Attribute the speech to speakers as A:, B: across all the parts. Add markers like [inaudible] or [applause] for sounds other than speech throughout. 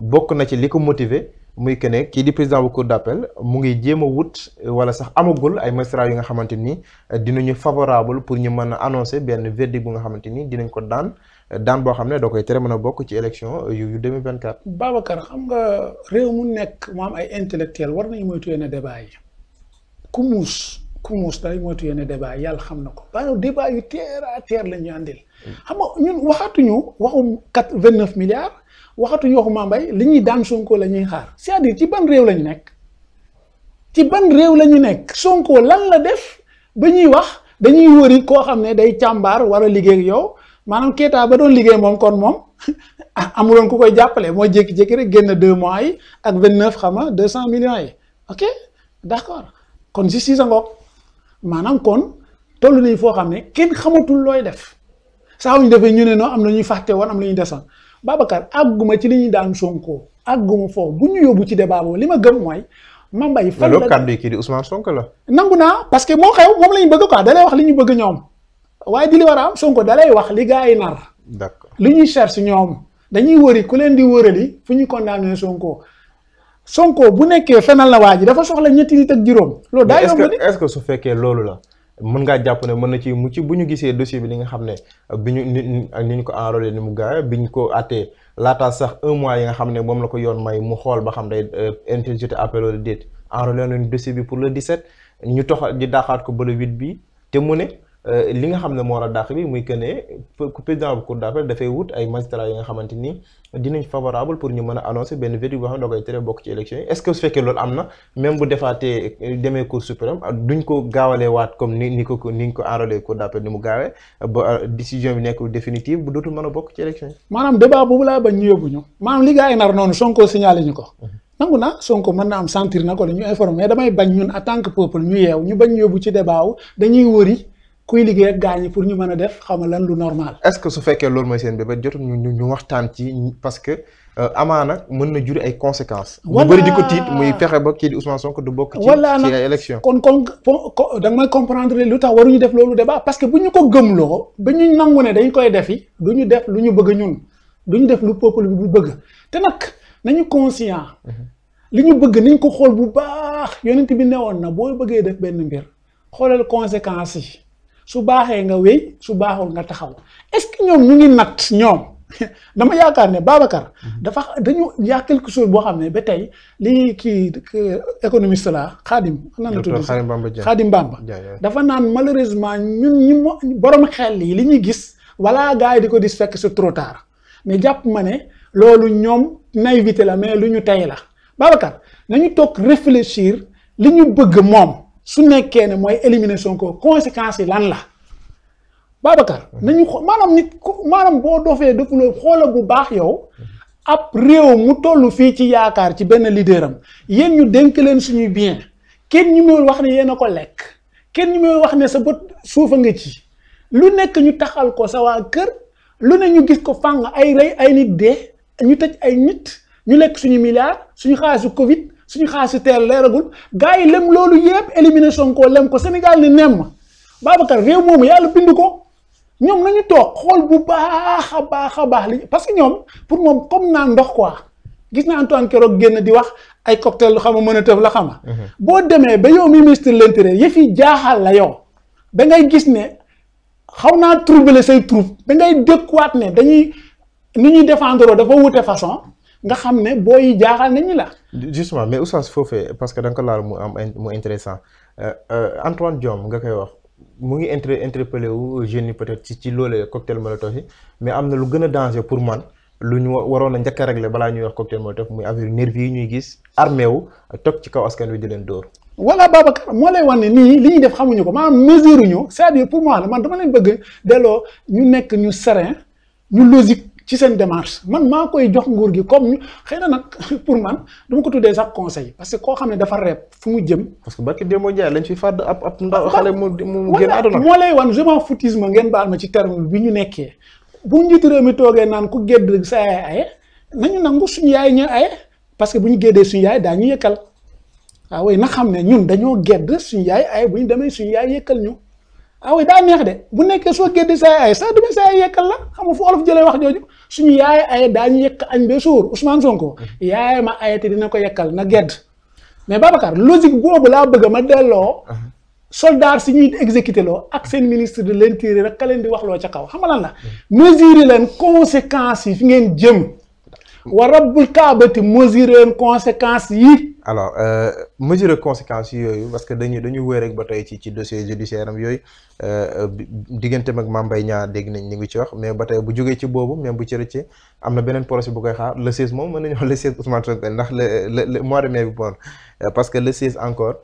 A: bokk na ci li ko motiver muy que ne kii di président bu cour d'appel mu ngi jéem a wut euh, wala sax amagul ay magistrats yu nga xamante euh, dina ñu favorable pour ñu mën a annoncé benn verdict bu nga xamante ni dinañ ko daan euh, daan boo xam ne doo koy tere mën a bokk ci élection yu 2024. Babacar xam nga réew mu nekk mu am ay intellectuel war nañu moytu yenn débat yi
B: ku muus ku muus day moytu yenn débat yi yàlla xam na ko waaye débat yu terre la ñu àndil. Mm. xam nga ñun waxaatuñu waxum quatre waxatuñu waxu Mame Mbaye li ñuy daan Sonko la ñuy xaar cest à ci ban réew la ñu nekk ci ban réew la ñu nekk. Sonko lan la def ba ñuy wax dañuy wëri koo xam ne day càmbaar war a liggéey ak yow maanaam Keita ba doon liggéey moom kon moom [laughs] ku koy jàppale moo jékki rek génn deux mois yi vingt neuf xam nga deux cent millions yi ok d'accord kon si si sa ngoog maanaam kon toll nañu foo xam ne kenn xamatul looy def saa ñu defee ñu ne noo am na ñuy fàtte woon am na ñuy desal Babacar àgguma ci li ñuy daan Sonko àgguma foofu bu ñu yóbbu ci débat boobu li ma gëm mooy. ma Mbaye fan la kàddu
A: kii di Ousmane Sonko la.
B: nangu naa parce que moo xew moom la ñu bëgg quoi dalay wax li ñu bëgg ñoom waaye di li war a am Sonko dalay wax li gaa yi nar. li ñuy cherche ñoom dañuy wëri ku leen di wërali fu ñuy condamné Sonko. Sonko bu nekkee fenal na waa ji dafa soxla ñetti nit ak juróom. loolu daa yomb
A: est-ce que su fekkee loolu la. mën ngaa jàpp ne mën na ci mucc bu ñu gisee dossier bi li nga xam ne bi ñu ni ñu ko enrôlé ni mu gaaw bi ñu ko àttee laata sax un mois yi nga xam ne moom la ko yoon may mu xool ba xam day euh, interjeté appel wala déet enrôlé nañu dossier bi pour le 17 ñu toxal di daaxaat ko ba le 8 bi te mu ne. Euh, li nga xam ne moo war a dàq bi muy que ne président bu cour d'appel dafay wut ay magistrats yi nga xamante ni dinañ favorable pour ñu mën a annoncer benn verdict boo xam ne da koy tere bokk ci élection yi est-ce que su fekkee loolu am na même bu defaatee demee ko gaawalee waat comme ni ni ko ni ñu ko enrôlé cour d'appel ni mu gaawee décision bi nekk définitive bu dootul mën a bokk ci élection yi.
B: maanaam débat boobu laa bañ ñu yóbbu ñu maanaam li gars yi nar noonu Sonko signalé ñu ko. Mhm. nangu naa Sonko mën na am sentir na ko la ñu informé damay bañ ñun en tant
A: peuple kuy liggéey ak gaañ yi pour ñu mën a def xam lan lu normal. est-ce que su fekkee loolu mooy seen bébét jotul ñu ñu waxtaan ci parce que euh, amaana mën na juri ay conséquence wala bu bëri di ko tiit muy fexe ba kii di soo ko du bokk. ci ci ay élections
B: kon kon da nga may comprendre lu tax waruñu def loolu débat parce que bu ñu ko gëmloo ba ñu nangu ne dañ koy defi du ñu def lu ñu bëgg ñun du ñu def lu peuple bi bëgg te nag nañu conscient. Mhm. li ñu bëgg niñ ko xool bu baax yonent bi newoon na boo bëggee def benn mbir xoolal conséquences yi. su baaxee nga wéy su baaxul nga taxaw est-ce que ñoom ñu ngi nat ñoom [laughs] dama yaakaar ne Babacar. Mhm. dafa dañu yaa quelque chose boo xam ne ba tey li kii économiste la Xaadim. nan la tudd Xaadim Bamba dafa naan malheureusement ñun ñi mo boroom xel yi li ñuy gis wala gars yi di ko dis fekk c'est trop tard mais jàpp ma ne loolu ñoom wite la mais lu ñu tey la Babacar nañu toog réfléchir li ñu bëgg moom. su nekkee ne mooy élimination ko conséquences yi lan la Babacar. Mhm. nañu xool maanaam nit maanaam boo dofee defuloo xoola bu baax yow. Mhm. ab réew mu toll fii ci yaakaar ci benn leader am yéen ñu dénk leen suñuy bien kenn ñu may wax ne yéen a ko lekk kenn ñu may wax ne sa bët suufa nga ci lu nekk ñu taxal ko sa waa kër lu ne ñu gis ko fàng ay rey ay nit dee ñu tëj ay nit ñu lekk suñu milliards suñu xaalisu Covid. suñu si teel leeragul gars yi lem loolu yëpp éliminé Sonko lem ko Sénégal ni nemm Babacar réew moom yàlla bind ko ñoom nañu toog xool bu baax a baax a baax li parce que ñoom pour moom comme naan ndox quoi gis naa Antoine Keroog génn di wax ay cocktail lu xam a mën a tëf la xama mhm. boo demee ba yow ministre l'intérieur yëf yi jaaxal la yow da ngay gis ne xaw naa troubler say troupe da ngay dëkkuwaat ne dañuy ni ñuy défendre dafa wute façon nga xam ne booy jaaxal nañu la
A: justement mais Oustaz foofee parce que da nga ko laal mu am mu intéressant euh, euh, Antoine Diome nga koy wax mu ngi inter interpellé wu jeunes yi peut-être ci ci loolee cocktail molotov yi mais am na lu gën a danger pour man lu ñu waroon a njëkk a réglé balaa ñuy wax cocktail molotov muy affaire nervis yi ñuy gis armé wu ci kaw askan wi di leen dóor.
B: voilà Babacar moo lay wan nii li ñuy def xamuñu ko maanaam mesure ñu c'est-à-dire pour moi man dama leen bëgg ci seen démarche man maa koy jox nguur gi comme xëy na nag [laughs] pour man du ko tuddee sax conseil parce que koo xam ne dafa reeb fu mu jëm. parce que barki Demba Ndiaye
A: lañ fi fàdd ab ab ndaw ah, xale ah,
B: mu mu génn àdduna moo lay wan je foutisme ngeen baal ma ci terme bi ñu nekkee bu njiitu réew mi toogee naan ku gédd sa yaay aye nañu nangu suñu yaay ñu ay parce que bu ñu géddee suñu yaay daa ñu yëkkal ah, waa way na xam ne ñun dañoo gedd suñu yaay ay bu ñu demee suñu yaay yëkkal ñu. ah oui daa neex de bu nekkee soo géddi say ay saa du say ay yekkal la xam nga fu olof jëlee wax jooju suñu yaay ay daañu yekk añ ba suur Ousmane Sonko yaay ma ay te dina ko yekkal na gedd mais Babacar logique boobu laa bëgg ma delloo soldaar si ñuy exécuté loo ak seen ministre de leen rek ka leen di wax loo ca kaw xam nga lan la mesurer leen conséquences yi fi ngeen jëm wa rabbul kaabati
A: mesurer leen conséquences yi alors euh, mesure de conséquence yooyu parce que dañu dañu wéy rek ba tey ci ci dossier judiciaire am yooyu euh, euh, diggante mag Mame Mbaye Niang dégg nañ ñu ngi ci wax mais ba tey bu jógee ci boobu même bu ci rëccee am na beneen procès bu koy xaar le 16 moom mën nañoo le 16 Ousmane Sonko ndax le le mois de mai bi bon parce que le 16 encore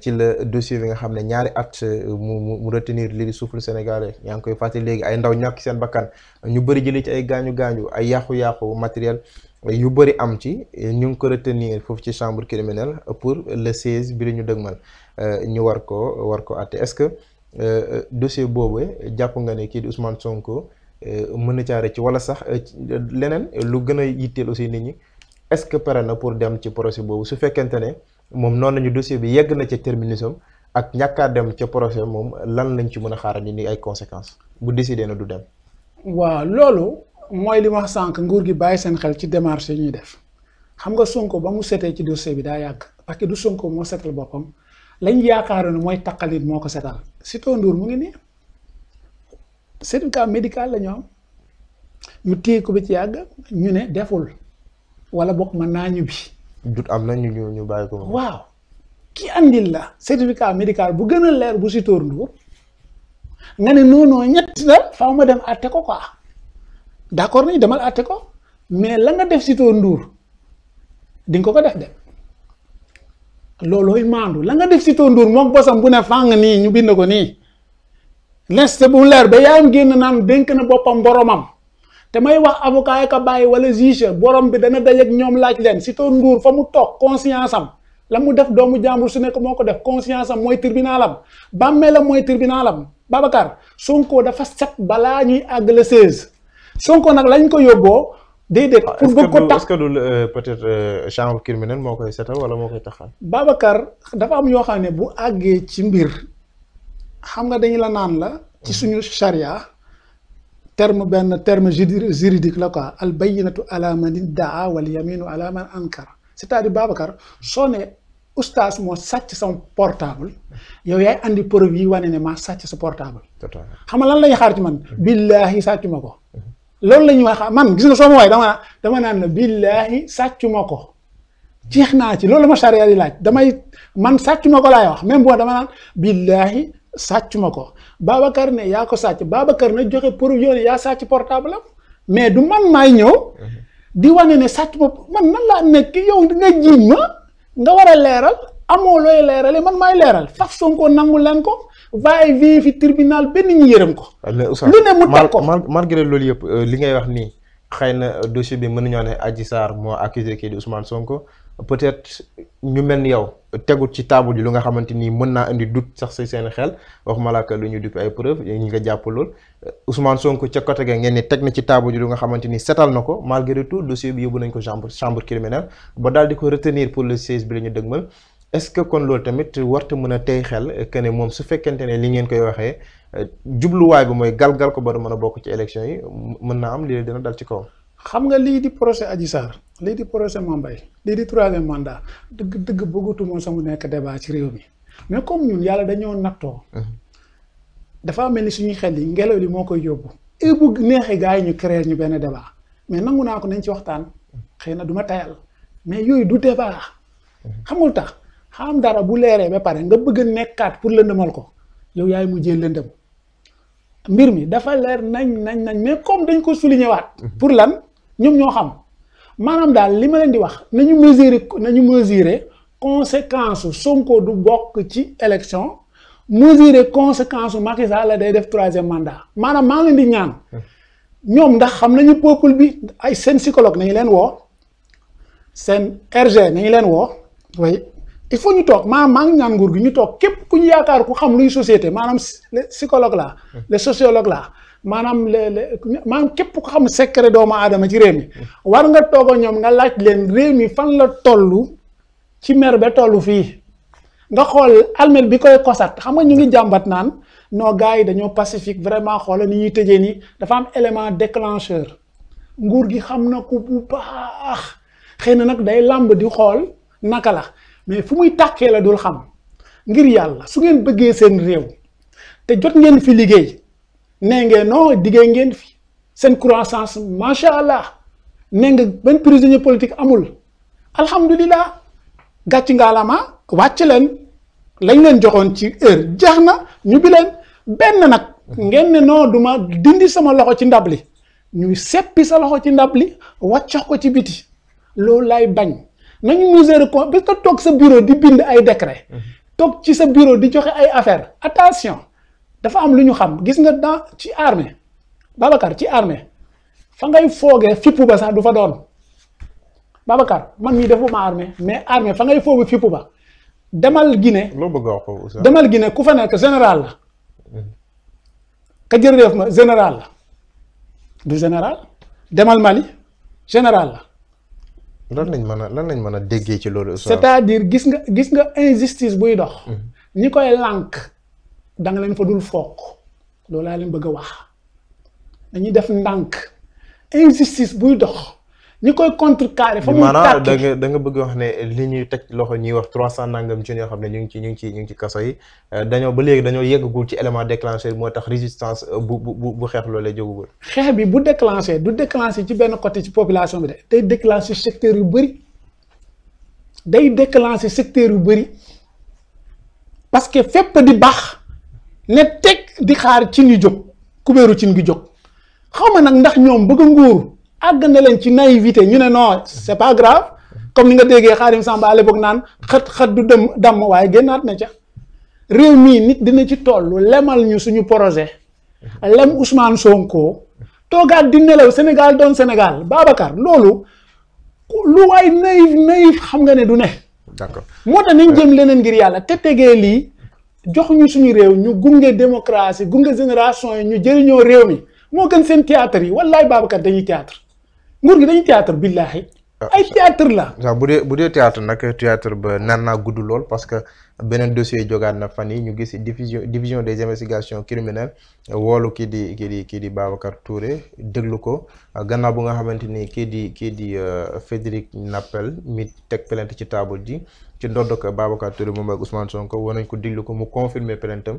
A: ci la dossier bi nga xam ne ñaari at mu mu retenir lii di souffle sénégalais ñaa ngi koy fàttali léegi ay ndaw ñàkk seen bakkan ñu bëri jëlee ci ay gaañu gaañu ay yàqu-yàqu matériel yu bëri am ci ñu ngi ko retenir foofu ci chambre criminelle pour le 16 bi la ñu dëgmal euh, ñu war ko war ko àtte est-ce que euh, dossier boobu jàpp nga ne kii di Ousmane Sonko euh, mën na caare ci wala sax leneen lu gën a yitteel aussi nit ñi est-ce que pare na pour dem ci procès boobu su fekkente ne moom noonu lañu dossier bi yegg na ca terminusam ak ñàkkaa dem ca projet moom lan lañ ci mën a xaaral ni ay conséquence bu décidé na du dem.
B: waaw loolu mooy li ma wax sànq nguur gi bàyyi seen xel ci démarche yi ñuy def xam nga Sonko ba mu setee ci dossier bi daa yàgg parce que du Sonko moo setal boppam lañ yaakaaroon mooy taqalit moo ko setal Sitor Ndour mu ngi nii certificat médical la ñoom ñu téye ko bi ci yàgg ñu ne deful wala bokk mën naa ñu bi.
A: am na ñu ñu ñu bàyyi ko.
B: waaw la certificat médical bu gën a leer bu Sitor Ndour nga ne non non ñett la faaw ma dem àtte ko quoi. d' accord nañ demal àtte ko mais la nga def si toon nduur di ko ko def de loolooy maandu la nga def si toon nduur moom bosam bu ne fàng nii ñu bind ko nii leste bu leer ba yaayam génn naan dénk na boppam boromam te may wax avocat yi bàyyi wala juge borom bi dana dajeeg ñoom laaj leen si toon nduur fa mu toog conscience am la mu def doomu jàmbur su nekk moo ko def conscience am mooy tribunalam la mooy tribunalam Babacar Sonko dafa set balaa ñuy àgg le Sonko nag lañ ko yóbboo. déedéet ah, pour bëgg ko tax
A: du euh, peut-être euh, chambre criminelle moo koy setal wala moo koy taxal.
B: Babacar dafa am yoo xam ne bu àggee ci mbir xam nga dañu la naan la. ci mm-hmm. suñu charia terme benn terme juridique la quoi al bayyinatu ala man iddaa wal yaminu ala man ankara c'est-à-dire Babacar soo ne oustaz moo sàcc sama portable yow yaay andi preuve yi wane ne maa sàcc sa portable. xam nga lan lay xaar ci man. Mm-hmm. billaahi sàcc ma ko. Mm-hmm. loolu la ñuy wax man gis nga soo ma waaye dama dama naan na billaahi sàccu ma ko jeex naa ci loolu la ma charia di laaj damay man sàccu ma ko laay wax même boo dama naan billaahi sàccu ma ko Babacar ne yaa ko sàcc Babacar na joxe provision ne sàcc portable am mais du man maay ñëw di wane ne sàcc ma man nan laa nekk yow nga jiiñ ma nga war a leeral amoo looy leerale man maay leeral faf Sonko nangu lan ko va-et-vient fi tribunal benn ñu yërëm ko.
A: lu ne mu teg ko malgré loolu yëpp euh, li ngay wax nii xëy na euh, dossier bi mën nañu nañoo ne Adji Sarr moo accusé kii di Ousmane Sonko peut-être ñu mel ni yow tegut ci table ji lu nga xamante ni mën naa indi doute sax si seen xel waxuma la lu ñu dupp ay preuve ñu nga jàpp lool euh, Sonko ca côté ga ngeen ne teg na ci table ji lu nga xamante ni setal na ko malgré tout dossier bi yóbbu nañ ko chambre chambre criminelle ba daal di ko retenir pour le 16 bi la ñu dëgmal. est-ce que kon loolu tamit warta mën a tey xel que moom su fekkente ne li ngeen koy waxee euh, jubluwaay bi mooy gal gal ko ba man a bokk ci élection yi mën naa am lii dina dal ci kawam.
B: xam nga lii di procès Adji Sarr lii di procès Mame Mbaye lii di troisième mandat dëgg dëgg bëggatuma sama nekk débat ci réew mi mais comme ñun yàlla dañoo nattoo. dafa mel ni suñuy xel yi ngelaw li moo koy yóbbu. et bu neexee gars yi ñu créer ñu benn débat mais nangu naa ko nañ ci waxtaan xëy na du ma tayal mais yooyu du débat xamul tax. xam dara bu leeree ba pare nga bëgg nekkaat pour lëndëmal ko yow yaay mu mujjee lëndëm mbir mi dafa leer nañ nañ nañ mais comme dañ ko souligner waat. Mhm. pour lan ñoom ñoo xam maanaam daal li ma leen di wax nañu mesurer nañu mesurer conséquence Sonko du bokk ci élection mesurer conséquence Macky Sall la day def troisième mandat maanaam maa leen di ñaan ñoom ndax xam nañu peuple bi ay seen psychologue nañu leen woo seen RG nañu leen woo il faut ñu toog maam maa ngi ñaan nguur gi ñu toog képp ku ñu yaakaar ku xam luy société maanaam le psychologue la le sociologue la maanaam le le maanaam képp ku xam secret doomu aadama ci réew mi war nga toog a ñoom nga laaj leen réew mi fan la tollu ci mer ba toll fii nga xool almel bi koy kosat xam nga ñu ngi jàmbat naan noo gars yi dañoo pacifique vraiment xoola ni ñuy tëjee nii dafa am élément déclencheur nguur gi xam na ko bu baax xëy na nag day làmb di xool naka la mais fu muy takkee la dul xam ngir yàlla su ngeen bëggee seen réew te jot ngeen fi liggéey nee ngeen non liggéey ngeen fi seen croissance macha allah nee nga benn prisonnier politique amul alhamdulilah gàcc ma wàcc leen lañ leen joxoon ci heure jeex na ñu bi leen benn nag ngeen ne non duma ma dindi sama loxo ci ndab li ñuy seppi sa loxo ci ndab li wàccox ko ci biti loolu lay bañ. nañu mesure ko parce que toog sa bureau di bind ay décret mhm. toog ci sa bureau di joxe ay affaire attention dafa am lu ñu xam gis nga dans ci armée Babacar ci armée fa ngay foogee fippu ba du fa doon Babacar man mii defuma armée mais armée fa ngay foogee fippu ba demal Guinée loo bëgg demal Guinée ku fa nekk général la mhm. ka jërëjëf ma général la du général demal Mali général la
A: lan lañ mën a lan lañ mën a déggee ci loolu. c'est-à-dire
B: gis nga gis nga injustice buy dox. Hmm. ñi koy lànk da leen fa dul foog loolu laa leen bëgg a wax dañuy def ndànk injustice buy dox. ñi koy contrecarrer. fa mu maanaam da nga
A: da nga wax ne li ñuy teg loxo ñuy wax 300 nangam jeunes yoo xam ne ñu ngi ci ñu ngi ci ñu ngi ci kaso yi euh, dañoo ba léegi dañoo yeggagul ci élément déclencheur moo tax résistance euh, bu bu bu xeex loolee jógagul.
B: xeex bi bu déclenché du déclenché ci benn côté ci population bi de day déclenché secteur yu bëri day déclenché secteur yu bëri parce que fépp di baax ne teg di xaar ci ñu jóg kubéeru ci gi jóg xaw ma nag ndax ñoom bëgg nguur. àgg na leen ci naïvité ñu ne non c'est pas grave comme ni nga déggee Xaadim Samba à l'époque naan xët xët du dem damm waaye génnaat na ca réew mii nit dina ci toll lemal ñu suñu projet lem Ousmane Sonko toogaat di nelaw Sénégal doon Sénégal Babacar loolu lu waay naïf naïf xam nga ne du ne. d'accord moo tax nañ jëm leneen ngir yàlla te tegee lii jox ñu suñu réew ñu gunge démocratie gunge génération yi ñu jëriñoo réew mi moo gën seen théâtre yi wallaay Babacar dañuy théâtre nguur gi dañuy théâtre billaahi ah. ay théâtre
A: la. waaw bu dee bu dee théâtre nag théâtre ba nar naa gudd lool parce que. beneen dossier jógaat na fan yi ñu gis division division des investigations criminelles woolu kii di kii di kii di Babacar Touré déglu ko gannaaw bu nga xamante ni kii di kii di euh, Frédéric Nappel mi teg plainte ci table ji ci ndodd ko Babacar Touré moom ak Ousmane Sonko war nañ ko déglu ko mu confirmer plainte am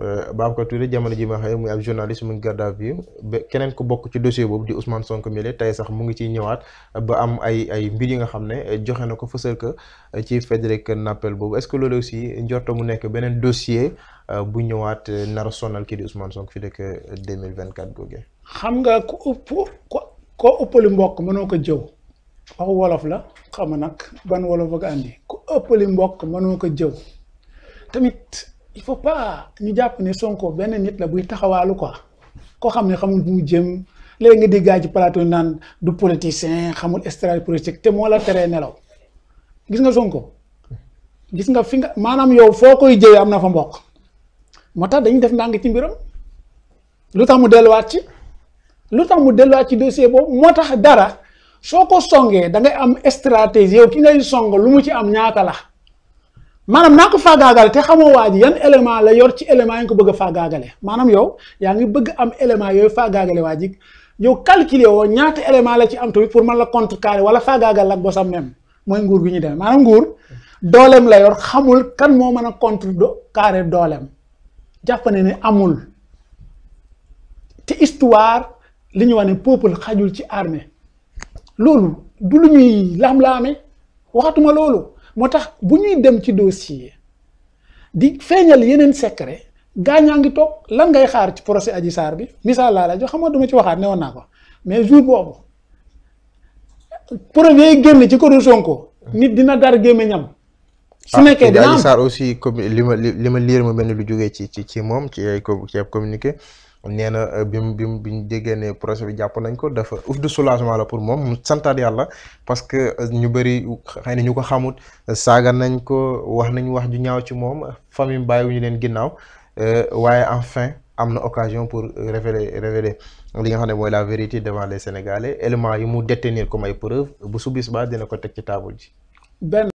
A: euh, Babacar Touré jamono ji ma xëy muy ab journaliste mu ngi garde à vue ba keneen ko bokk ci dossier boobu di Ousmane Sonko mile tey sax mu ngi ci ñëwaat ba am ay ay mbir yi nga xam ne joxe na ko fësal ko ci Frédéric Nappel aussi njorto mu nekk beneen dossier euh, bu ñëwaat euh, nar a sonal kii di Ousmane Sonko fi dëkk 2024 euh, googee
B: xam nga ku ëpp ko koo ëppali mbokk mënoo ko jëw waxu wolof la xam nag ban wolof ak àndi ku ëppali mbokk mënoo ko jëw tamit il faut pas ñu jàpp ni Sonko benn nit la buy taxawaalu quoi koo xam ne xamul bu mu jëm léegi nga dégg ci plateau naan du politicien xamul stratégie politique te moo la teree nelaw gis nga Sonko gis nga fi nga maanaam yow foo koy jëyee am na fa mbokk moo tax dañu def ndànk ci mbiram lu tax mu delluwaat ci lu tax mu delluwaat ci dossier boobu moo tax dara soo ko songee da ngay am stratégie yow ki ngay song lu mu ci am ñaata la maanaam naa ko faagaagal te xamoo waa yan élément la yor ci élément yi ko bëgg faagaagale maanaam yow yaa ngi bëgg am élément yooyu faagaagale waa ji yow calculer woo ñaata élément la ci am tamit pour man la contrecarrer wala faagaagal ak bosam même mooy nguur gi ñu demee maanaam dooleem la yor xamul kan moo mën a contre carré dooleem jàpp ne ne amul te histoire li ñu wax ne peuple xajul ci armée loolu du lu ñuy lam ame waxatuma loolu moo tax bu ñuy dem ci dossier di feeñal yeneen secret gaañaa ngi toog lan ngay xaar ci procès Adji Sarr bi misaal laa la jox xam nga duma ci waxaat ne woon naa ko mais jour boobu projet yi génn ci këru Sonko nit dina dar gémmiñam
A: su nekkee dina am aussi comme li ma li ma liir ma mel ni lu jógee ci ci ci moom ci ay ci ay communiqué nee na euh, bi mu bi mu bi ñu déggee ne projet bi jàpp nañ ko dafa ouf de soulagement la pour moom mu santaat yàlla parce que euh, ñu bëri xëy na ñu ko xamut euh, saaga nañ ko wax nañu wax ju ñaaw ci moom famille ñu leen ginnaaw waaye enfin am na occasion pour révéler révéler li nga xam ne mooy la vérité devant les Sénégalais éléments yi mu détenir comme ay preuve bu subis ba dina ko teg ci table
B: ji.